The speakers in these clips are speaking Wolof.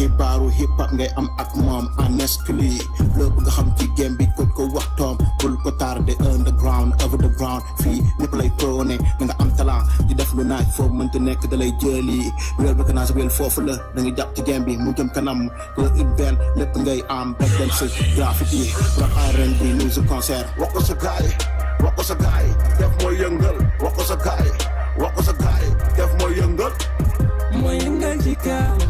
xibaaru hip hop ngay am ak moom honestly loo bëgg xam ci game bi ko ko waxtoom bul ko tardé underground over the ground fii ñëpp play prôné da nga am talent di def lu naaj foofu mënta nekk da lay jëli wéel ba kanaa sa wéel foofu la da nga jàpp ci game bi mu jëm kanam ko urbain lépp ngay am back then. si graffiti rap R&B music concert wax ko sa gaay wax ko sa gaay def mooy yëngal wax ko sa gaay wax ko sa gaay def mooy yëngal mooy yëngal ci kaw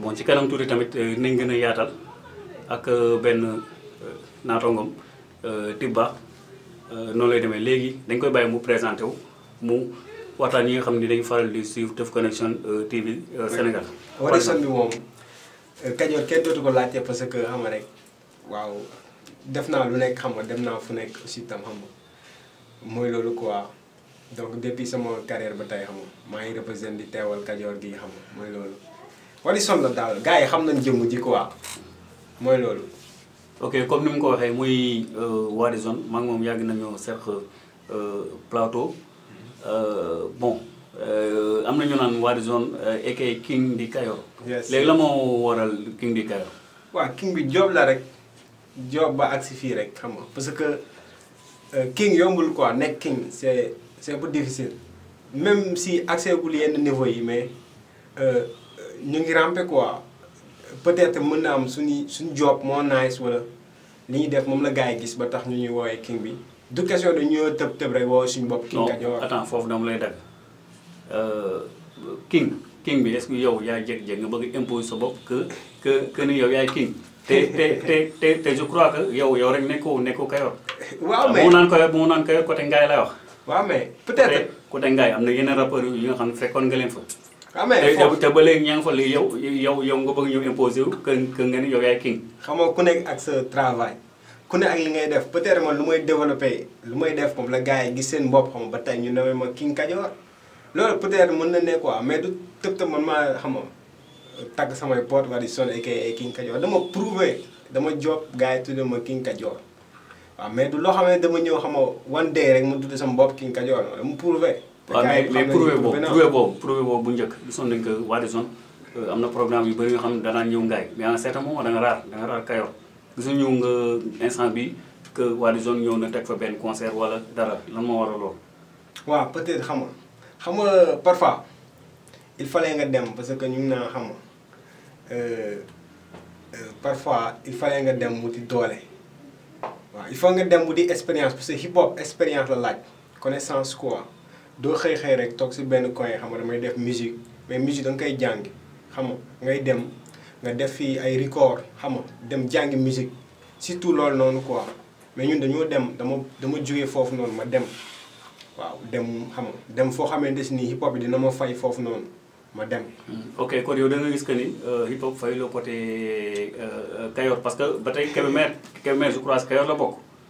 bon ci kanam tuuti tamit euh, nañ gën a yaatal ak euh, benn euh, naatongom Tibba noonu lay demee léegi dañ koy bàyyi mu présenté wu mu waxtaan yi nga xam ne dañu faral di suivre def Connection TV Sénégal. Connection bi moom Kajoor kenn dootu ko laajte parce que xam rek waaw def naa lu nekk xam nga dem naa fu nekk aussi tam xam nga mooy loolu quoi donc depuis sama carrière ba tey xam maa ngi représenté di teewal Kajoor gi xam nga mooy loolu. wali son la dal, gars yi xam nañ jëmm ji quoi ok comme ni mu ko waxee muy euh, Warizone mak mom moom yàgg nañoo euh plateau euh, bon euh, am na nan naan Warizone King di Kayor. léegi la moo waral King di Kayo. Wa King bi job la rek job ba agsi fi rek xam nga parce que King yombul quoi nek King c'est c'est un peu difficile même si accès gul yenn niveau yi mais. ñu ngi rampe quoi peut-être mën na am suñu suñu job moo nice wala li ñuy def moom la gaa yi gis ba tax ñu ñuy woowee king bi du question de ñoo tëb tëb rek woowe suñu bopp. king ak non attends foofu dama lay dagg euh, king king bi est-ce que yow yaay jékki-jékki nga bëgg impose sa bopp yow yaay king. te te te te je crois que yow yow rek nekkoo nekkoo Kayor. waaw mais bu mu naan Kayor bu mu naan Kayor côté Ngaye lay wax. waaw mais peut-être côté Ngaye am na yeneen rappeurs yi nga xam ne fekkoon nga leen fa. Ah, mais te ba léegi ña nga fa léegi yow yow yow nga bëgg ñu imposer wu que que nga ni yow yaay king. xam nga ku nekk ak sa travail ku ne ak li ngay def peut-être man lu may développé lu may def moom la gars yi gis seen bopp xam ba tey ñu ne ma king Kajoor loolu peut mën na ne quoi mais du tëb tëb man maa xam nga tagg samay porte wala di sonn ay kay king Kajoor dama prouvé dama job gars yi tudd ma king Kajoor waaw mais du loo xam ne dama ñëw xam nga one day rek mu tudd sama bopp king Kajoor dama prouvé. waaw mais mais prouvé boobu prouvé boobu prouvé boobu bu njëkk gisoon nañu que waa Dizon euh, am na programme yu bëri yoo xam ne danaan ñëw ngaay mais en certain moment a nga raar da raar Kayor gisu ñëw nga instant bi que waa Dizon ñëw na teg fa benn concert wala dara lan moo waral loolu waaw peut-être xam xam nga parfois il fallait nga dem parce que ñu ngi naa xam euh, euh, parfois il fallait nga dem mu di doole waaw il faut nga dem mu di expérience parce que hip hop expérience la laaj connaissance quoi doo xëy xëy rek toog si benn coin xam nga damay def musique mais musique da nga koy jàngi xam nga ngay dem nga def fii ay record xam nga dem jàngi musique surtout loolu noonu quoi mais ñun dañoo dem dama dama jógee foofu noonu ma dem waaw dem xam nga dem foo xamante si nii hip hop bi dina ma fay foofu noonu ma dem. Hmm, ok kon yow da gis que ni euh, hip hop fay loo côté euh, euh, Kayor parce que ba tey Kébémer Kébémer je crois Kayor la bokk.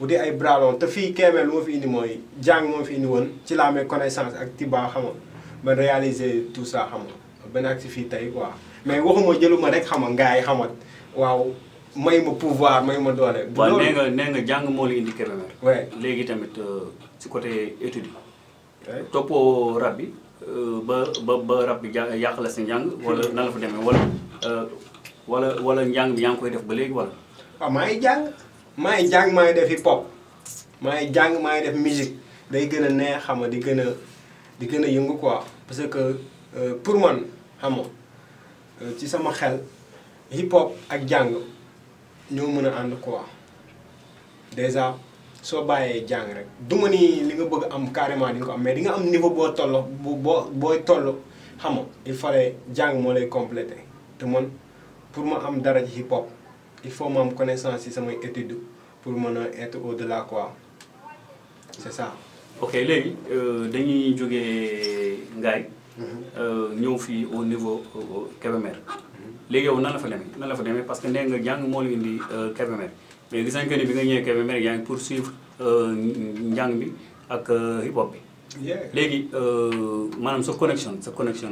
bu ay bras te fii Kébé lu ma fi indi mooy jàng moo fi indi woon ci la amee connaissance ak Tiba xam nga ba réaliser tout ça xam nga ba nekk si fii tey quoi mais waxuma jëluma rek xam nga ngaay xam waaw may ma pouvoir may ma doole. bu loolu nee nga nee nga jàng moo la indi Kébémer. oui léegi tamit euh, si côté étude yi. toppoo rab bi euh, ba ba ba rab yàq la si njàng. wala nan la fa demee wala euh, wala wala njàng bi yaa ngi koy def ba léegi wala. Ah, maa ngi jàng. maa ngi jàng maa ngi def hip hop maa ngi jàng maa ngi def musique day gën a neex xam nga di gën a di gën a yëngu quoi parce que euh, pour man xam euh, ci sama xel hip hop ak jàng ñoo mën a ànd quoi déjà soo bàyyee jàng rek du ma li nga bëgg am carrément ni nga ko am mais di nga am niveau boo toll bu boo booy toll xama i il jàng moo lay compléter te man pour ma am dara ci hip hop. il faut ma connaissance étude pour être au-delà quoi c'est ça. ok léegi euh, dañuy gay mhm. euh, au niveau de léegi Nous parce que nous sommes au moo la euh, mais vous nañ que ni bi pour suivre suivre yaa euh, hip hop bi. euh, sa connexion sa connexion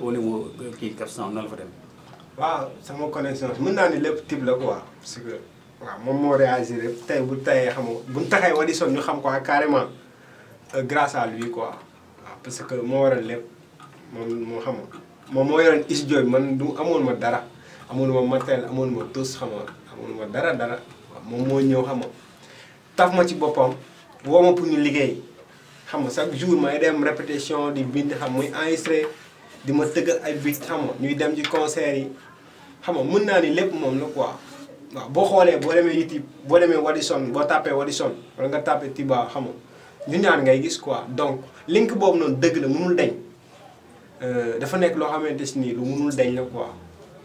au niveau qui waaw sama connexion mën naa ni lépp type la quoi parce que waaw moom moo réagir rek tey bu tayee xam nga bu ñu taxee wadi son ñu xam quoi carrément euh, grâce à lui quoi waaw parce que moo waral lépp moom moo xam moom moo yoroon is jooy man du amoon ma dara amoon ma matériel amoon ma tus xam nga amoon ma dara dara moom moo ñëw xam nga taf ma ci boppam woo ma pour ñu liggéey xam nga chaque jour may dem répétition di bind xam muy enregistré di ma tëggal ay bit xam ñuy dem ci concert yi xam mën naa ni lépp moom la quoi waaw boo xoolee boo demee yi boo demee Wadison boo tapé Wadison wala nga tapé Tiba xam nga ñu ñaan ngay gis quoi donc link boobu noonu dëgg la mënul dañ euh, dafa nekk loo xamante si nii lu mënul dañ la quoi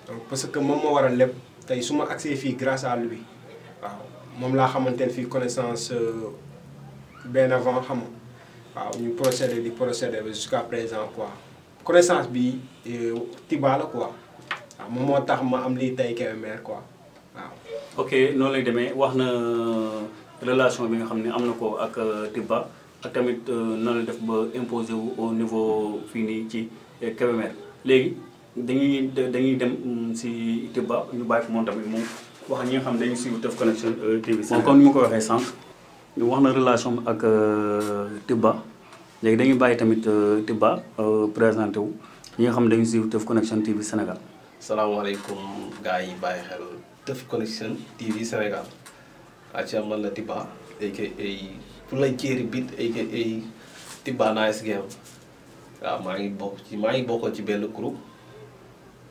donc parce que moom moo waral lépp tey su ma accès fii grâce à lui waaw moom laa xamante ne fii connaissance euh, bien avant xam waaw ñu procéder di procéder ba jusqu'à présent quoi connaissance bi euh, tibala quoi mo ah, motax moo ma am lii tey Kébémer quoi waaw. ok noonu lay demee waxna relation bi nga xam amna ko ak euh, tibba ak tamit euh, noonu la def ba imposé wu au niveau fini nii ci Kébémer léegi dañuy dañuy dem ci mm, tibba ñu bàyyi fi moom tamit moom wax ñi nga xam dañuy suivre Teuf Connection TV. moom comme ni ko waxee sànq. ñu waxna relation ak tibba léegi dañuy bàyyi tamit euh, Tibba euh, présenté wu ñi nga xam ne dañuy suivre Teuf Connection TV Sénégal. salaamaaleykum gars yi bàyyi xel Teuf Connection TV Sénégal acca man la Tibba aka Foulay Thierry Beat aka Tibba Nice Game waaw maa ngi bokk ci maa ngi bokkoon ci benn groupe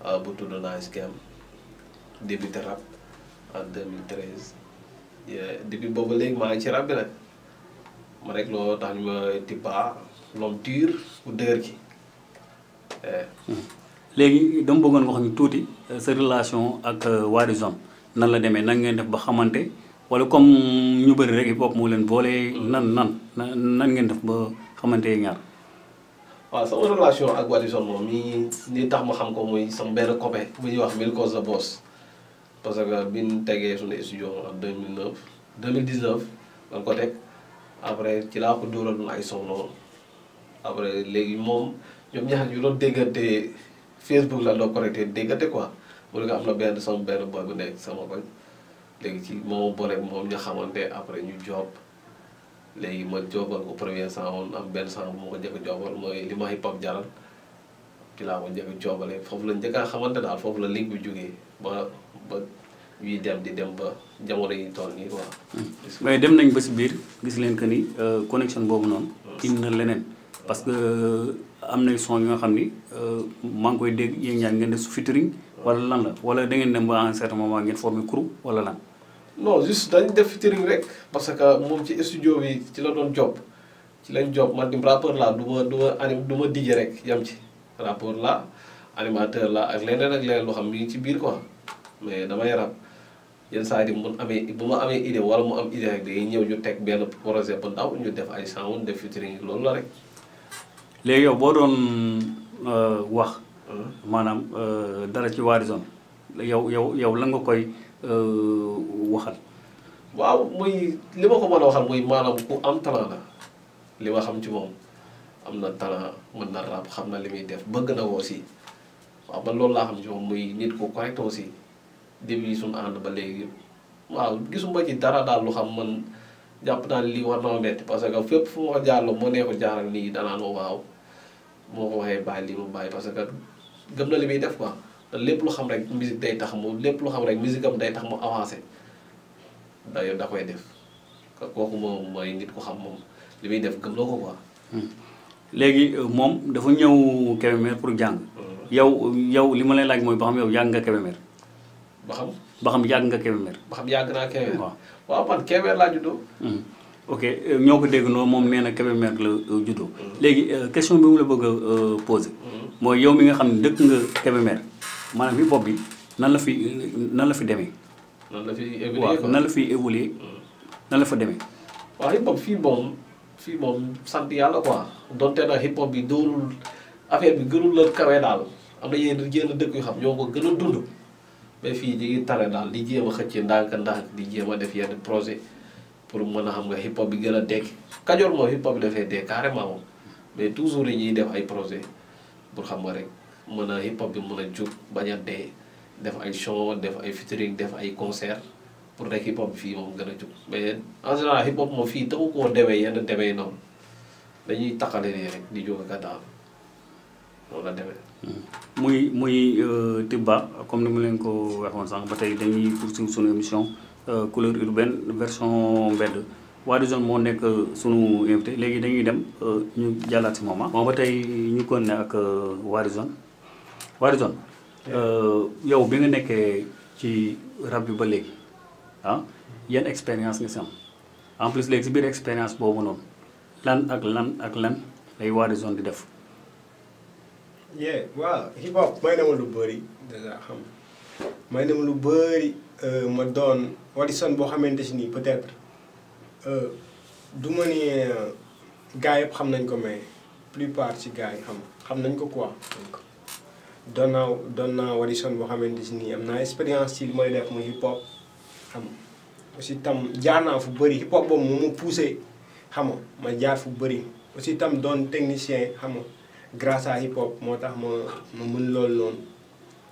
euh, bu tudd Nice Game débuté rap en 2013 depuis boobu léegi maa ngi ci rap bi ma rek loo tax ñu ma Tippa l'homme dur ku dëgër ki eh. hmm. léegi dama bëggoon nga xam ne tuuti euh, sa relation ak euh, waa Horizon nan la demee nan ngeen def ba xamante wala comme ñu bëri rek hip hop moo leen boolee hmm. nan nan nan ngeen def ba xamante ñaar. waaw sama relation ak Wadison moom mii li tax ma xam ko muy sama benn copain bu ñuy wax Milkos the boos parce que bi ñu tegee suñu studio en 2009 2019 lan ko teg. après ci laa ko dóoraloon ay son lool après léegi moom ñoom ñaar ñu doon déggante Facebook la doon connecté déggante quoi mu ne nga am na benn sama benn boy bu nekk sama koñ léegi ci moom boole moom ña xamante après ñu job léegi ma jobal ko premier sang woon benn sang bu ma ko mooy li ma hip hop jaral ci laa ko njëkk jobale foofu la njëkk a xamante daal foofu la link bi jógee yuy dem di dem ba jamono yi toll nii quoi. mais dem nañ ba si biir gis leen que ni connexion boobu noonu. tiim na leneen parce que am na son yi nga xam ni maa ngi koy dégg yéen ñaar ngeen def filtering wala lan la wala da ngeen dem ba en certain moment ngeen former crew wala lan. non juste dañ def filtering rek parce que moom ci studio bi ci la doon job ci lañ job man dim rapport la du ma du ma anim du ma dije rek yam ci rapport la animateur la ak leneen ak leneen loo xam ngi ci biir quoi mais damay rab. yenn saa yi mun amee bu ma amee idée wala mu am idée rek day ñëw ñu teg benn projet bu ndaw ñu def ay sound def featuring loolu la rek. léegi yow boo doon euh, wax. maanaam euh, dara ci Warizone yow yow yow la nga koy euh, waxal. waaw muy li ma ko mën a waxal muy maanaam ku am talent la li ma xam ci moom am na talent mën na rap xam na li muy def bëgg na aussi waaw man loolu laa xam ci moom muy nit ku correct aussi. début suñu ànd ba léegi waaw gisuma ci dara daal lu xam man jàpp naa lii war na ma metti parce que fépp fu ma jaarloo moo nee ko jaaral nii danaan ma waaw moo ko waxee bàyyi lii mu bàyyi parce que gëm na li muy def quoi te lépp lu xam rek musique day tax mu lépp lu xam rek musique am day tax mu avancé dayo da koy def kooku moom mooy nit ku xam moom li muy def gëm na ko quoi. Hmm. léegi euh, moom dafa ñëw Kébémer pour jàng. Hmm. yow yow li ma lay laaj mooy ba xam yow jàng nga Kébémer. ba xam ba xam yàgg nga Kébémer. ba xam yàgg naa Kébémer. waaw waaw man Kébémer laa juddoo. Hmm. Euh, na Kébémer la euh, juddoo. Hmm. léegi euh, question bi mu la bëgg a posé. Hmm. mooy yow mi nga xam ne dëkk nga Kébémer maanaam bi bopp bi nan la fi nan la fi demee. nan la fi évolué waaw nan la fi évolué nan la fa demee. waaw hip hop fii moom fii moom sant yàlla quoi donte na hip hop bi doonul affaire bi gënul la kawe daal am na yenn yenn dëkk yu xam ñoo dund. mais fii ñu ngi tale daal di jéem a xëcc ndànk ndànk di jéem a def yenn projet pour mën a xam nga hip hop bi gën a dekk kajoor moom hip hop bi dafay dee carrément mais toujours yi ñuy def ay projet pour xam nga rek mën a hip bi mën a jug bañ a dee def ay show def ay featuring def ay concert pour rek hip hop fii moom gën a jug mais en général hip hop moom fii taxu ko demee yenn demee noonu dañuy taxale nii rek di jóg ka daal. loolu la demee. muy muy euh, Tibba comme ni mu leen ko waxoon sànq ba tey dañuy poursuivre sunu émission euh, couleur urbaine version mbedd waa zone moo nekk euh, suñu invité léegi dañuy dem ñu jàllaat si moom moom ah. ba tey ñu kon ne ak waa zone yow bi nga nekkee ci rab bi ba léegi ah yan expérience nga si en plus léegi si biir expérience boobu noonu lan ak lan ak lan lay waa zone di def. yeah waaw hip hop may na ma lu bari may na ma euh, ma doon audition boo xamante si nii peut-être euh, du ma ni euh, gars yëpp xam nañ ko mais plupart ci gars yi xam xam nañ ko quoi donc doon naa doon naa audition boo xamante si nii am naa expérience ci li may def mu hip hop xam aussi tam jaanaa fu bëri hip hop boobu moo ma poussé xam ma jaar fu bëri aussi tam doon technicien xam nga grâce à hip hop motax ma ma mën lol non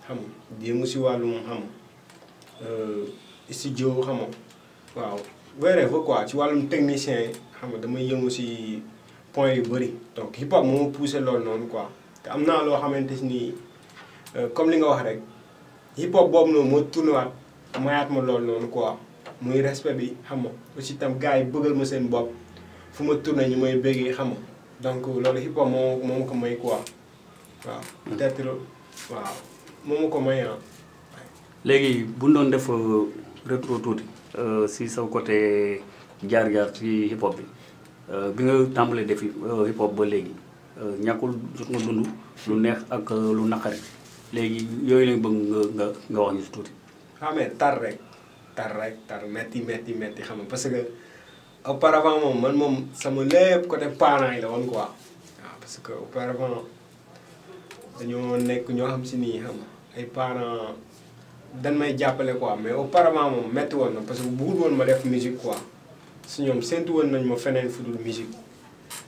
xam diimu ci walu mom xam euh ici jo xam waaw wéré fa quoi ci walum technicien xam dama yëngu ci point yu bari donc hip hop mo pousser lol non quoi té amna lo xamanteni euh comme li nga wax rek hip hop bob no mo tourné wat mayat ma lol non quoi muy respect bi xam aussi tam gaay bëggal ma seen bop fuma tourné ñu may béggé xam nga donc loolu hip hop moo moo ma ko may quoi waaw. peut-être mm. ma ko may ah. léegi bu ñu doon def euh, rétro tuuti euh, si sa côté jaar-jaar ci hip hop bi euh, bi nga tàmbalee def hip hop ba léegi ñàkkul jot nga dund lu neex ak lu naqari léegi yooyu lañ bëgg nga nga nga wax ñu si tuuti. ah mais tar rek tar rek tar metti metti metti xam parce que. auparavant moom man moom sama lépp côté parents yi la woon quoi waaw parce que auparavant dañoo nekk ñoo xam si nii xam ay parent dañ may jàppale ko quoi mais auparavant moom metti woon na parce que bëggul woon ma def musique quoi su ñoom séntu woon nañ ma feneen fu dul musique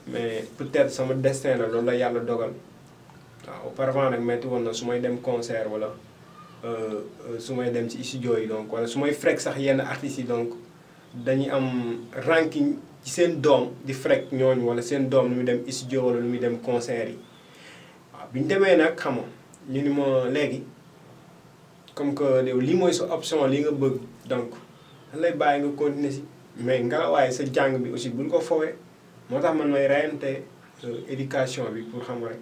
mais peut-être sama destin la loolu la yàlla dogal waaw auparavant nag metti woon na su may dem concert wala euh, euh, su may dem ci studio yi donc wala su may fekk sax yenn artistes yi donc. dañuy am ranking ci seen doom di frek ñooñu wala seen doom lu muy dem studio wala lu muy dem concert yi waaw bi ñu demee nag xam ñu ni moo léegi comme que yow lii mooy sa option li nga bëgg donc lay bàyyi nga continuer si mais nga waaye sa jàng bi aussi buñ ko fowee moo tax man may reyante euh, éducation bi pour xam rek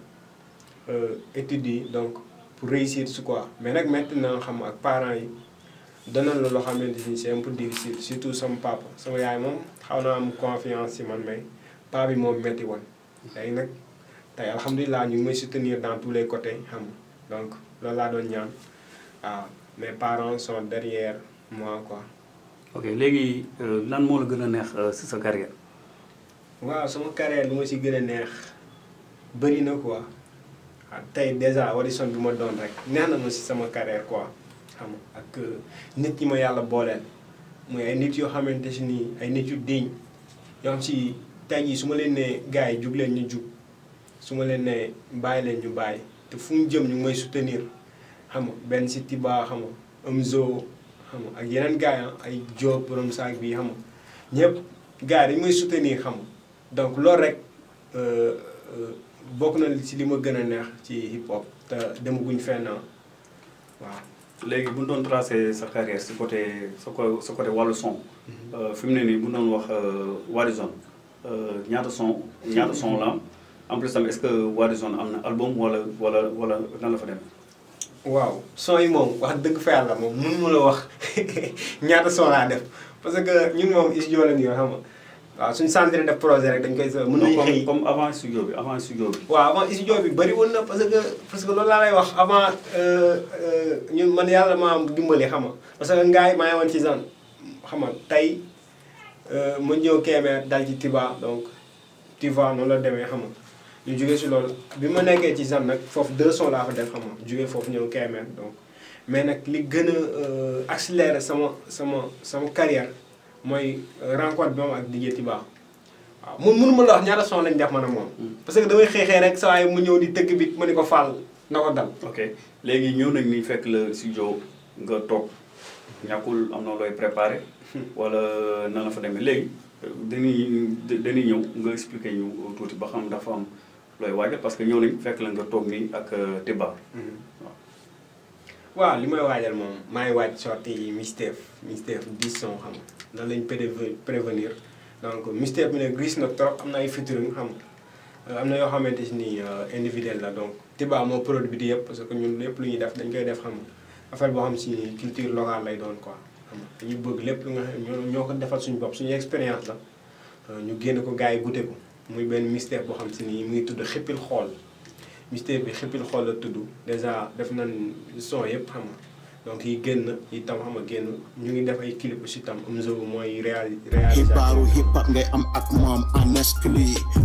euh, études yi donc pour réussir su quoi mais nag maintenant xam ak parent yi danañ le loo xamante ni c'est un peu difficile surtout son papa son père moom xaw naa am confiance ci man mais paa bi moom métti woon léegi nag tey alhamdulilah ñu ngi may soutenir dans tous les côtés xam donc loolu laa doon ñaan mes parents sont derrière moi quoi. ok légui euh, lan moo le gën a neex euh, sa carrière. waaw sama carrière lu ma si gën neex na quoi ah, t'as déjà Warisson bi ma doon rek neex na ma si sama carrière quoi. xam ak euh, nit ñi ma yàlla booleel muy ay nit yoo xamante nii ay nit yu diñ yoo xam si tey jii su ma leen nee gars yi jug leen ñu jug su ma leen nee bàyyi leen ñu bàyyi te fu mu jëm ñu may soutenir xam benn si Tiba xam nga Amzo xam ak yeneen gars ay Diop borom saak bi xam nga ñëpp gars yi dañu may soutenir xam donc loolu rek euh, euh, bokk na si li ma gën a neex ci hip hop te demaguñ fenn ah. waaw. léegi bu ñu doon tracé sa carrière ci côté sa côté walu son. Euh, fi mu ne nii bu ñu doon wax euh, Warizone euh, ñaata son ñaata son la am en plus tamit est-ce que Warizone am na album wala wala wala nan la fa dem waaw son yi moom wax dëgg fa yàlla moom mënu ma la wax ñaata son laa def parce que ñun moom is joo la xam nga waaw suñu centre def projet rek dañ koy mën nañu xëy comme avant studio bi avant studio bi waaw avant studio bi bëri woon na parce que parce que loolu laa lay wax avant euh, euh, ñun man yàlla maa am dimbali xam nga parce que ngaay maa ngi woon ci zone xam nga tey euh, ma ñëw Kébémer dal ci Tiba donc Tiba noonu la demee xam ñu jógee si loolu bi ma nekkee ci zone nag foofu deux sons laa fa def xam nga foofu ñëw Kébémer donc mais nag li gën a accéléré sama sama sama carrière mooy rencontre bi moom ak Didier Tiba waaw mun mënuma la wax ñaata son lañ def man a moom mm. parce que damay xeexee rek saa mu ñëw di tëgg bi ma ni ko fàll na ko dal ok léegi ñëw nañ ni fekk la studio nga toog ñàkkul am na looy préparé wala na la fa demee léegi dañuy dañuy ñëw nga expliqué ñu tuuti ba xam dafa am looy waajal parce que ñëw nañ fekk la nga toog nii ak euh, Tiba mm-hmm. waaw waaw li may waajal moom maay waaj sorti Mixtape Mixtape 10 son xam lan lañ prévenir donc mystère bi nag gis na trop am na ay featuring xam euh, am na yoo xamante ni euh, individuel la donc Tiba moo produit bi di yëpp parce que ñun lépp lu ñuy def dañ koy def xam affaire boo xam si culture locale lay doon quoi xam dañu bëgg lépp lu nga xam ñoo ko defal suñu bopp suñu expérience la euh, ñu génn ko gars yi goûté ko muy benn mystère boo xam si ni mu ngi tudd xippil xool mystère bi xippil xool la tudd dèjà def nañ son yëpp xam nga donc yi génn yi tam xam nga génn ñu ngi def ay clip aussi tam Omzo mooy réali réalisation xibaaru hip hop ngay am ak moom en exclu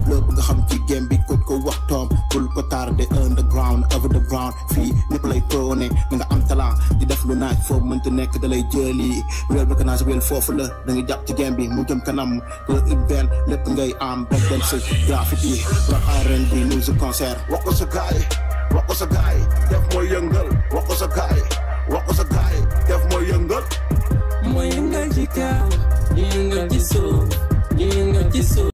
loo bëgg xam ci game bi ko ko waxtoom bul ko tardé underground over the ground fii ñëpp lay prôné da nga am talent di def lu naaj foofu mënta nekk da lay jëli wéel ba foofu la da nga jàpp ci game bi mu jëm kanam ko urbain lépp ngay am breakdance sa graffiti rock R&B music concert wax ko sa gaay wax sa gaay def mooy yëngal wax sa gaay wax ko sa gaay def mooy yëngal mooy yëngal ci kaw ñu yëngal